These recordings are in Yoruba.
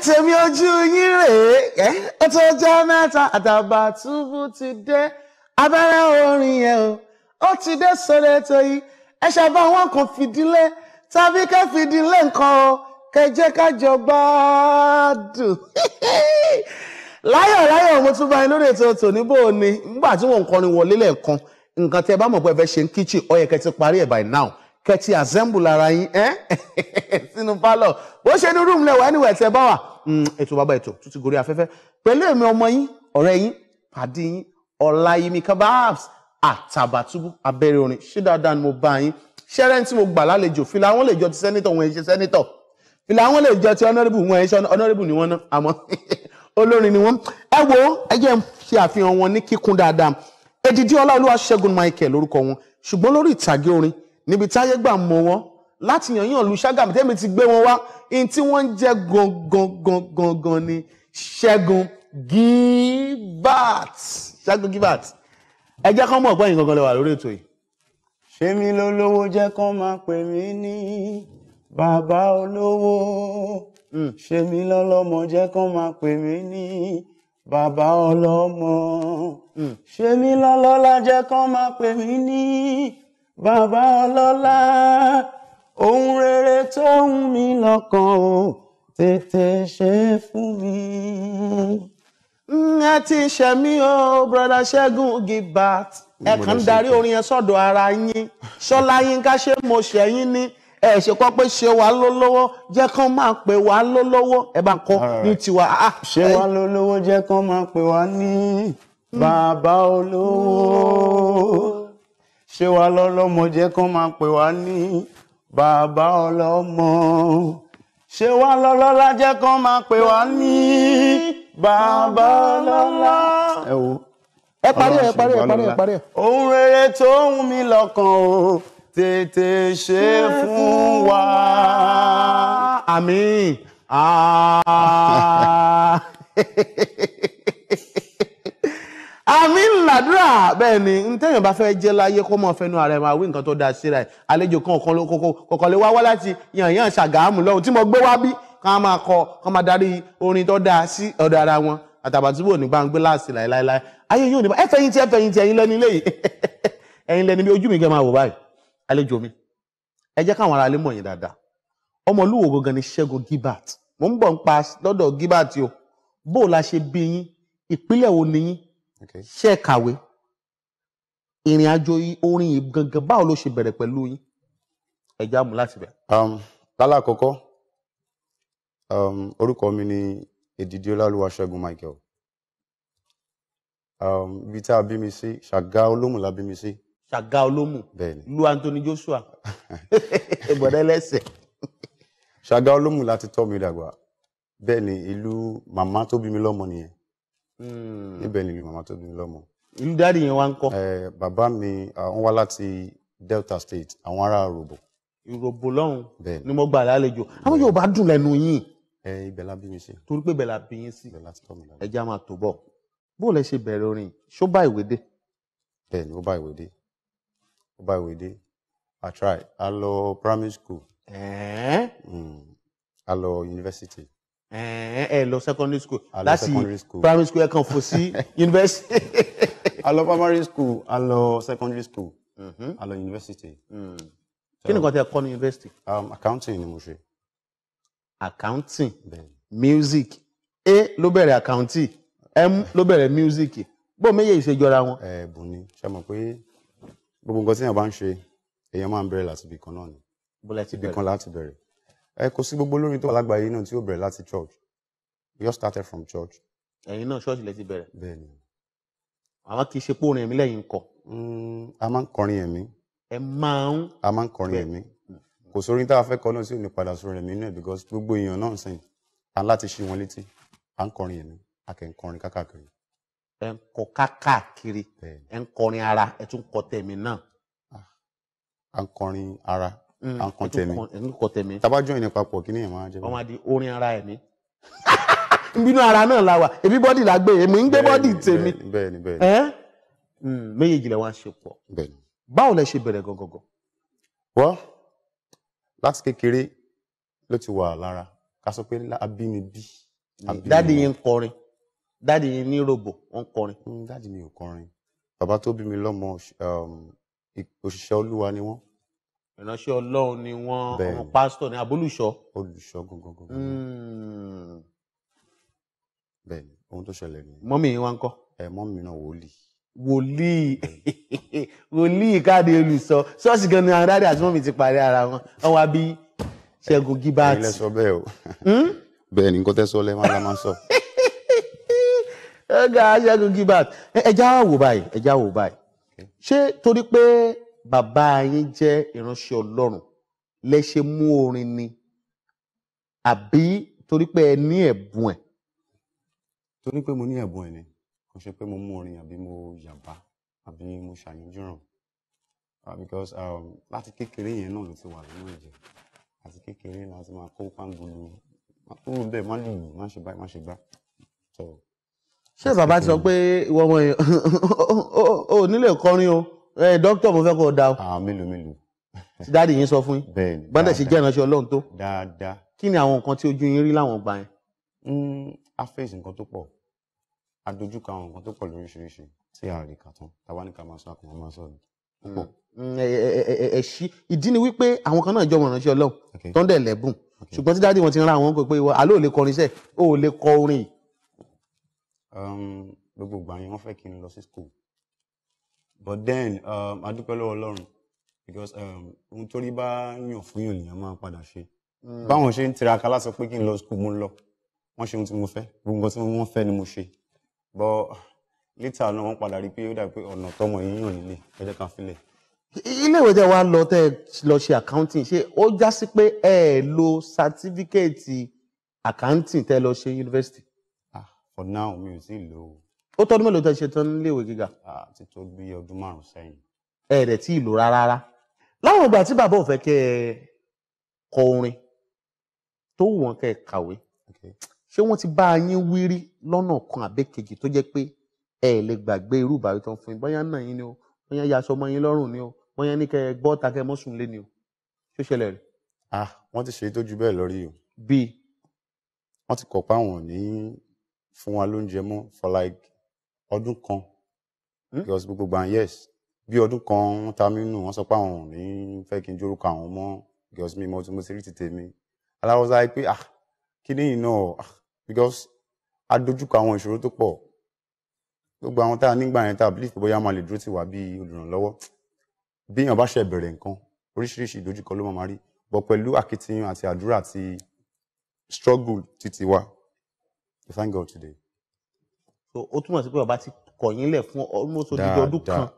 tèmi ojú yín rèé ẹ ó tó jẹ́ ti de abẹ́rẹ́ orin yẹn o ti dé Soweto yìí ẹ ṣàbá wọn kò fìdílé tàbí ká fìdílé nǹkan o láyọ̀ láyọ̀ mo tún bá yín lórí ni tí wọ́n ń kọrin wọlé lẹ́ẹ̀kan nǹkan tí ẹ ti parí ẹ̀ by now kẹtì assemble ara yín sínú pálọ̀ bó ṣe ní rúùmù lẹ́wọ̀ ẹni wẹ̀tẹ̀ bá wà hmm, ètò bàbá ètò tó ti gorí afẹ́fẹ́ pẹ̀lú èmi ọmọ yín ọ̀rẹ́ yín pàdé yín ọ̀làyìmí kababs àtàbàtúbú abẹ́rẹ́ orin ṣé dáadáa ni mo bá yín ṣẹ́rẹ́ tí mo gbà lálejò fìlà àwọn lè jọ ti sẹ́nitọ̀ wọn ṣe sẹ́nitọ̀ fìlà àwọn lè jọ ti honourable wọn ṣe honourable ni wọ́n ná àmọ́ olórin ni wọ́n ẹ wo ẹ jẹ́ ṣe àfihàn wọn ní kíkún dáadáa èdìdí ọlá olúwa ṣẹ́gun michael lórúkọ wọn ṣùgbọ́n lórí ìtàgé orin níbi táyé gbà mọ̀ wọ́n láti yànyàn lu Ṣàgámù tẹ́mi ti gbé wọn wá in tí wọ́n ń jẹ́ gangan gangan gangan ni Ṣẹ́gun Gilbert Ṣẹ́gun Gilbert ẹ jẹ́ kán mọ̀ ọ̀pọ̀ yìí gangan lẹ wà lórí ètò yìí. ṣé mi lólówó jẹ́ kán máa pè mí ní bàbá olówó hmm. ṣé mi lọ́lọ́mọ jẹ́ kán máa pè mí ní bàbá ọlọ́mọ hmm. ṣé mi lọ́lọ́lá jẹ́ kán máa pè mí ní bàbá ọlọ́lá ohun rere tó ń mi lọ́kàn o tètè ṣe fún mi. Mm, ẹ ti ṣẹ̀mí o broda ṣẹ́gun give back ẹ kàn ń darí orin yẹn sọ́dọ̀ ara yín ṣọlá yín ká ṣe mo ṣẹ̀yìn ní ẹ ṣe kọ́ pé ṣe wá lólówó jẹ́ kán máa pè wá lólówó ẹ bá ń kọ́ ní tiwa. Ah, ah. ṣe wá lólówó jẹ́ kán máa pè wá ní bàbá olówó ṣé wa lọ́lọ́mọ jẹ́ kán máa pè wá ní bàbá ọlọ́mọ ṣé wa lọ́lọ́lá jẹ́ kán máa pè wá ní bàbá ọlọ́lá. ẹ parí ẹ parí ẹ parí ẹ parí ẹ. ohun rere tó ń mi lọ́kàn o tètè ṣe fún wa. àmín. Ah. àmì ńlàdúrà bẹ́ẹ̀ ni ntẹ́yìn bá fẹ́ jẹ́ láyé kó mọ̀ fẹ́nu ara ẹ̀ máa wí nǹkan tó da síra ẹ̀ àlejò kan kọ̀ọ̀kan lè wá wá láti yànyàn ṣàgámù lọ́hùn tí mo gbé wá bí kán máa kọ kán máa darí orin tó da sí ọ̀dọ̀ ara wọn àtàbàtúbù ò ní bá ń gbé láàsì láéláéláé ayé yóò ní bá ẹfẹ̀yìntì ẹfẹ̀yìntì ẹ̀yin lẹ́ni ilé yìí ẹ̀yin lẹ́ni bí ojú mi kẹ́ máa wò báyìí àlejò mi ẹ jẹ́ káwọn ará ilé mọ̀ yín dáadáa ọmọlúwo gangan ni Ṣẹ́gun Gilbert mo ń bọ̀ ń pa lọ́dọ̀ Gilbert o bó o la ṣe bí yín ìpínlẹ̀ wo ni yín ṣé ẹ kàwé ìrìn àjò orin yìí gangan báwo ló ṣe bẹ̀rẹ̀ pẹ̀lú yín ẹ̀já mú láti bẹ̀. Um, lálàkọ́kọ́ um, orúkọ mi ni èdìdí ọláluwa ṣẹ́gun michael um, ibi tá a bí mi sí ṣàgá olómù la bí mi sí. ṣàgá olómù lu anthony joshua ìbọ̀dẹ́ lẹ́sẹ̀. ṣàgá olómù láti tọ́ mi dàgbà bẹ́ẹ̀ ni ìlú màmá tó bí mi lọ́mọ nìyẹn Hmm. níbẹ̀ ni màmá tó bí mi lọ́mọ. ìlú dáàdì yẹn wá ń kọ́. Eh, bàbá mi wọ́n wá láti Delta State àwọn ará Robo. Robo lọ́hùn ni mo gbà lálejò àwọn Yorùbá dùn lẹ́nu yín. Eh, ibẹ̀ la bí mi sí. torí pé bẹ̀ la bí yín sí. ẹja máa tó bọ̀ bó lẹ ṣe bẹ̀rẹ̀ orin ṣó bá ìwé dé. bẹ́ẹ̀ ni ó bá ìwé dé ó bá ìwé dé I try a lọ primary school. Eh? Mm. a lọ university ẹ lọ secondary school láti primary school ẹ kàn fò sí university. a lọ primary school a lọ secondary school mm-hmm. a lọ university. Mm. kí ni nǹkan tẹ kọ́ ní university. Um, accounting ni mo ṣe. accounting music a ló bẹ̀rẹ̀ accounting m ló bẹ̀rẹ̀ music bó méye ìṣèjọra wọn. ẹ bùn ni ṣe mọ̀ pé gbogbo nǹkan tí èèyàn bá ń ṣe èèyàn máa ń bẹ̀rẹ̀ láti ibì kan náà ni ibì kan láti bẹ̀rẹ̀ ẹ kò sí gbogbo olórin tó wà lágbàáyé náà tí ó bẹ̀rẹ̀ láti church we all started from church. ẹ̀yin náà ṣọ́ọ̀ṣì lẹ ti bẹ̀rẹ̀. bẹ́ẹ̀ni. àwọn kì í ṣe pórin ẹ̀mí lẹ́yìn kọ. Hmm, a máa ń kọrin ẹ̀mí. ẹ máa ń. a máa ń kọrin ẹ̀mí. kò sórin tá a fẹ́ kọ náà sí ò padà sórin ẹ̀mí náà because gbogbo èèyàn náà sìn à ń láti ṣí wọn létí à ń kọrin ẹ̀mí a kì í kọrin kákàkiri. ẹ ń kọ kákàkiri ẹ ń kọrin ara ẹ tún kọ tẹ̀mí náà. à ah, ń kọrin ara Mm. à ń kan tẹ̀mí tàbá join ní papọ̀ kí ni ẹ̀ máa jẹ́ bẹ́ẹ̀. ọmọ àdì orin ara ẹ̀ mi nbínú ara náà la wà ẹbí bọ́dì la gbé èmi ń gbé bọ́dì tèmi hmm, méjèèjì lẹ wá ṣe pọ̀ báwo lẹ ṣe bẹ̀rẹ̀ gọ́gọ́gọ́. wọ́n láti kékeré ló ti wà lára ká sọ pé abí mi bí. dáàdi yẹn ń kọrin dáàdi yẹn ní robo ó ń kọrin. Hmm, dáàdi mi ò kọrin bàbá tó bí mi lọ́mọ um, òṣìṣẹ́ olúwa ni wọ́n ìránṣẹ́ Ọlọ́run ni wọ́n ọmọ pásítọ̀ ní abolúṣọ. olùṣọ́ gangan. Hmm. bẹ́ẹ̀ni ohun tó ṣẹlẹ̀ ni. mọ́mì yín wá ń kọ́. ẹ mọ́mì náà wòlíì. wòlíì wòlíì káàdì olùsọ ṣọ́ọ̀ṣì gan ni àwọn dáadé àti mọ́mì ti parí ara wọn ọwọ́ abí ṣẹ́gun gíbáàtì. ilé sọ bẹ́ẹ̀ o hmm? bẹ́ẹ̀ ni nǹkan tẹ́ sọ lẹ́ẹ̀ má la máa sọ. ọgá ṣẹ́gun gíbáàtì ẹja wò báyìí ẹja wò báyìí ṣé torí pé bàbá yín jẹ́ ìránṣẹ́ ọlọ́run lẹ ṣe mú orin ni àbí torí pé ẹ ní ẹ̀bùn ẹ̀. torí pé mo ní ẹ̀bùn ẹ̀ ni kò ṣe pé mo mú orin àbí mo yàbá àbí mo ṣàyànjúràn because láti kékeré yẹn náà ló ti wà nínú ẹ̀jẹ̀ àti kékeré láti máa kó pàǹgùlù má tó bẹ́ẹ̀ má lè yìn má ṣe báyìí má ṣe gbá ṣé bàbá ti sọ pé ìwọ ọmọ yẹn ò nílé kọrin o ẹ eh, dókítà mo fẹ́ kó o da o. àwọn ah, mélòó mélòó. tí dáàdi yín sọ fún yín. bẹ́ẹ̀ni dáadáa bọ́dẹ̀ ṣe jẹ́ ìránṣẹ́ Ọlọ́run tó. dáadáa. kí ni àwọn nǹkan tí ojú yín rí láwọn gbà yẹn. Hmm, a fèsì nǹkan tó pọ̀ a dojú kọ àwọn nǹkan tó pọ̀ lóríṣiríṣi tí a rí kà tán tàwa ní ká máa sọ àkùnrin máa sọ ni. Hmm, hmm, ẹ̀ṣí ìdí ni wípé àwọn kan náà jọmọ ìránṣẹ́ Ọlọ́run tó ń dẹ̀ lẹ́bùn ṣùgbọ́n tí dáàdi wọn ti ń ra àwọn pé àlọ́ ò lè kọrin sẹ́ẹ̀ ó lè kọ orin. Um, gbogbo ìgbà yẹn wọ́n fẹ́ kí n lọ sí school but then um, a dúpẹ́ lọ́wọ́ ọlọ́run because um, ohun tó rí bá yàn fún yàn nìyẹn máa padà ṣe hmm. báwọn ṣe ń tiraka láti sọ pé kí n lọ school mo lọ wọ́n ṣe ohun tí mo fẹ́ gbogbo tí wọ́n fẹ́ ni mo ṣe but later náà wọ́n padà rí pé ó dà pé ọ̀nà tọmọ yìí yàn nílé ẹ jẹ́ ká filẹ̀ iléèwé tẹ wá lọ tẹ lọ ṣe accounting ṣé ó já sí pé ẹ lo certificate accounting tẹ lọ ṣe university. ah for now mi ò tí ì lò ó ó tọ́dún mélòó tẹ́ ṣe tán níléèwé gíga. àti tó bí ọdún márùn sẹ́yìn. ẹ rẹ̀ tí ìlò rárá rárá láwọn ìgbà tí bàbá ò fẹ́ kẹ́ ẹ kọ orin tó wù wọ́n kẹ́ ẹ kàwé ṣé wọ́n ti bá yín wírí lọ́nà kan àbẹ́kejì tó jẹ́ pé ẹ lè gbàgbé irú ìbàwí tán fún yín bóyá náà yín ni o bóyá yaṣọ ọmọ yín lọ́rùn ni o bóyá ní kẹ́ ẹ gbọ́ ta kẹ́ ẹ lé ni o ṣó ṣẹlẹ̀ rẹ̀. ah wọ́n ti ṣe é tó ju bẹ́ẹ̀ lórí o. bíi. wọ́n ti kọ̀ pé àwọn ò ní fún wa lóúnjẹ mọ́ for like ọdún kan hmm? because gbogbo gbà yes bí ọdún kan wọ́n ta mí nù wọ́n sọ pé àwọn ò ní fẹ́ kí n jórúkọ àwọn mọ́ because mi mo ti mo ti rí ti tèmi aláwọ̀sá yìí pé ah kí ni yìí náà ah, because a dojúkọ àwọn ìṣòro tó pọ̀ gbogbo àwọn tá a nígbà yẹn tá a believe pé bóyá máa lè dúró tì wá bí olùrànlọ́wọ́ bí èèyàn bá ṣe bẹ̀rẹ̀ nǹkan oríṣiríṣi ìdojúkọ ló máa rí bọ̀ pẹ̀lú akitiyan àti àdúrà àti struggle títí wa we thank God today ó túmọ̀ sí pé ọba ti kọ̀yìn lẹ̀ fún almost odidi ọdún kan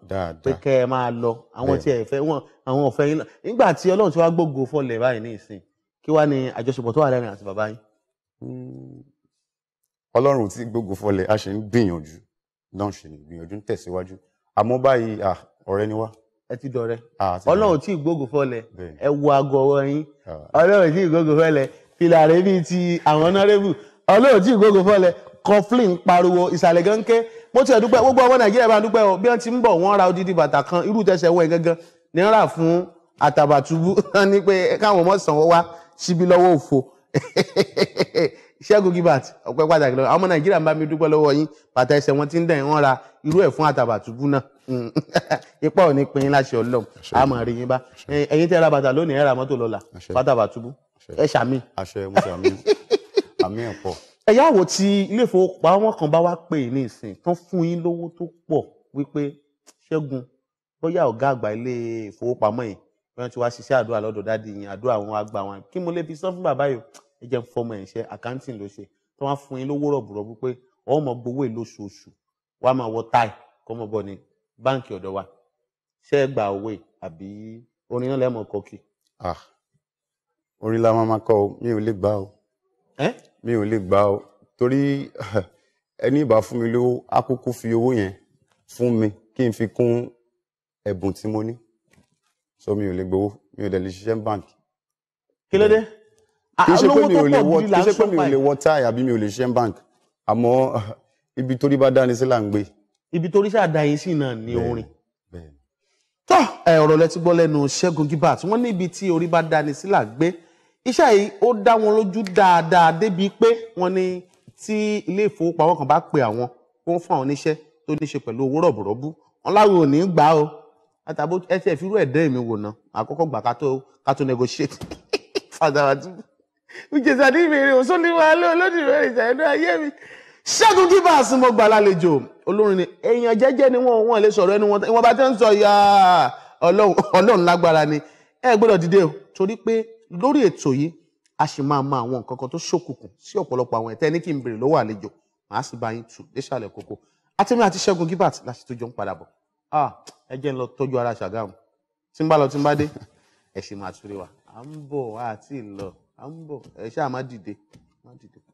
pé kẹ́ ẹ máa lọ àwọn tí ẹ fẹ́ wọn àwọn ọ̀fẹ́ yín lọ nígbà tí ọlọ́run ti wá gbógo fọlẹ̀ báyìí ní ìsìn kí wá ní àjọṣepọ̀ tó wà lẹ́rìn àti bàbá yín. Hmm, ọlọ́run ti gbógo fọlẹ̀ a ṣe ń gbìyànjú náà ṣe ń gbìyànjú ń tẹ̀síwájú àmọ́ báyìí ọ̀rẹ́ ni wá. ẹ ti dọ̀rẹ́ ọlọ́run tí gbógo fọlẹ̀ ẹ wo aago ọwọ́ yín ọlọ́run tí gbógo fọlẹ̀ fìlà rẹ̀ bíi ti àwọn ọ̀nàrẹ́bù ọlọ́run tí gbógo fọlẹ̀ conflin pariwo ìsàlẹ̀ gan ké mo ti ẹ̀dúpẹ́ gbogbo ọmọ nàìjíríà bá dúpẹ́ o bí wọ́n ti ń bọ̀ wọ́n ra odidi bàtà kan irú tẹsẹ̀ wọ̀ ẹ̀ gangan ní rà fún àtàbàtúbú ní pé káwọn ọmọ sàn wá síbi lọ́wọ́ òfo ṣẹ́gun gilbert ọpẹ́ pàtàkì lọ́wọ́ ọmọ nàìjíríà ń bá mi dúpẹ́ lọ́wọ́ yín bàtà ẹsẹ̀ wọn ti ń dẹ̀ wọ́n ra irú ẹ̀ fún àtàbàtúbú náà hmm. ipa ò ní pin yín láṣẹ ọlọ́run a máa rí yín bá ẹ̀yin tẹ́ ra bàtà lónìí ẹ̀ ra mọ́tò lọ́la fàtàbàtúbú ẹ̀ ṣàmì. àṣẹ mo ṣàmì àmì ẹ̀ pọ̀ ẹ̀yáwó tí ilé ìfowópamọ́ kan bá wá pè ní ìsìn tán fún yín lówó tó pọ̀ wípé ṣẹ́gun bóyá ọ̀gá àgbà ilé ìfowópamọ́ yìí wọ́n ti wá ṣiṣẹ́ àdúrà lọ́dọ̀ dáàdi yìí àdúrà àwọn àgbà wọn kí mo lè fi sọ fún bàbá yìí ẹ jẹ́ ń fọmọ ẹ̀ ṣe àkáǹtì ló ṣe tó wá fún yín lówó rọ̀bùrọ̀bù pé ọmọ gbowó èlò oṣooṣù wàá máa wọ táì kọ́mọ bọ̀ ní báǹkì ọ̀dọ̀ wa ṣé ẹ gba òwe àbí orin náà lẹ́mọ̀ kọ́kì. Ah, orin la máa máa kọ o mi ò lè gbà o mi ò lè gbà o torí ẹni bá fún mi lówó á fi owó yẹn fún mi kí n fi kún ẹ̀bùn tí mo ní so mi ò lè gbowó mi ò dẹ̀ lè ṣiṣẹ́ báǹkì. kí ló dé olówó tó pọ̀ bí là ń sọ báyìí kì í pé mi ò lè wọ táì àbí mi ò lè ṣiṣẹ́ báǹkì àmọ́ ibi torí bá dání sí là ń gbé. ibi torí ṣáà da yín sí náà ni orin tọ́ ọ̀rọ̀ lẹ ti gbọ́ lẹ́nu Ṣẹ́gun Gilbert wọ́n ní ibi tí orí bá dání sí là ń gbé iṣẹ́ yìí ó dá wọn lójú dáadáa débi pé wọ́n ní tí ilé ìfowópamọ́ kan bá pe àwọn kó ń fún àwọn oníṣẹ́ tó ní ṣe pẹ̀lú owó rọ̀bùrọ̀bù wọn láwọn ò ní gbà ó àtàbó ẹ ti ẹ̀ fi irú ẹ̀ dẹ́ mi wò ná àkọ́kọ́ gbà ká tó ká tó negotiate fàdàràdù ìjẹsà ní ìbéèrè òṣòlíwà olódìbẹ̀rẹ̀ ìṣàyẹ̀dọ́ ayé mi ṣẹ́gun kí bá a sún mọ́ gbà lálejò olórin ni èèyàn jẹ́jẹ́ ni wọ́n wọ́n lè sọ̀rọ̀ ẹnu wọn ìwọ̀nba tí wọ́n ń sọ ya ọlọ́run lágbára ni ẹ gbọ́dọ̀ dìde o torí pé lórí ètò yìí a sì máa mọ àwọn nǹkan kan tó ṣòkùnkùn sí ọ̀pọ̀lọpọ̀ àwọn ẹ̀tẹ́ ní kí n béèrè lọ́wọ́ àlejò màá sì bá yín tù déṣàlẹ̀ kókó àtẹ̀mí àti ṣẹ́gun gilbert láti tó jọ ń padà bọ̀ ẹ jẹ́ ń lọ tọ́jú ara ṣàgámù tí ń bá lọ tí ń bá dé ẹ sì máa wa à ń bọ̀ àti ìlọ à ń bọ̀ ẹ ṣáà dìde.